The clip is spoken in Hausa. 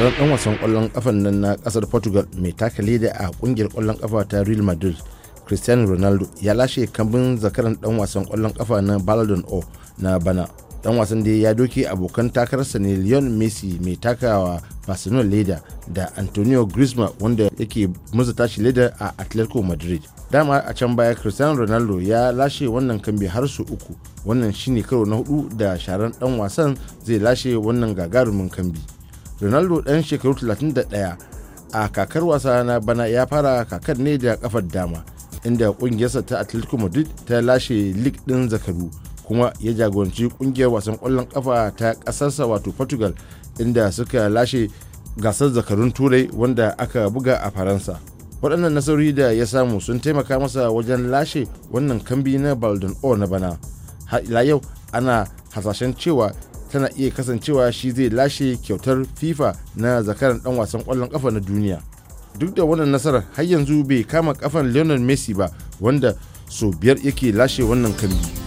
shahararren dan wasan kwallon kafan nan na kasar portugal mai taka leda a kungiyar kwallon kafa ta real madrid cristiano ronaldo ya lashe kambin zakaran dan wasan kwallon kafa na ballon o na bana dan wasan da ya doke abokan takararsa ne leon messi mai takawa barcelona leda da antonio griezmann wanda yake musu tashi leda a atletico madrid dama a can baya cristiano ronaldo ya lashe wannan kambi har su uku wannan shine karo na hudu da sharan dan wasan zai lashe wannan gagarumin kambi ronaldo ɗan shekaru 31 a kakar wasa na bana ya fara kakar ne da kafar dama inda ƙungiyarsa ta atletico madrid ta lashe lig ɗin zakaru kuma ya jagoranci ƙungiyar wasan ƙwallon kafa ta ƙasarsa wato portugal inda suka lashe gasar zakarun turai wanda aka buga a faransa waɗannan nasarori da ya samu sun taimaka masa wajen lashe wannan kambi na baldon o na bana har ila yau ana hasashen cewa tana iya kasancewa shi zai lashe kyautar fifa na zakaran dan wasan kwallon kafa na duniya duk da wannan nasarar har yanzu bai kama kafan lionel messi ba wanda sau biyar yake lashe wannan kambi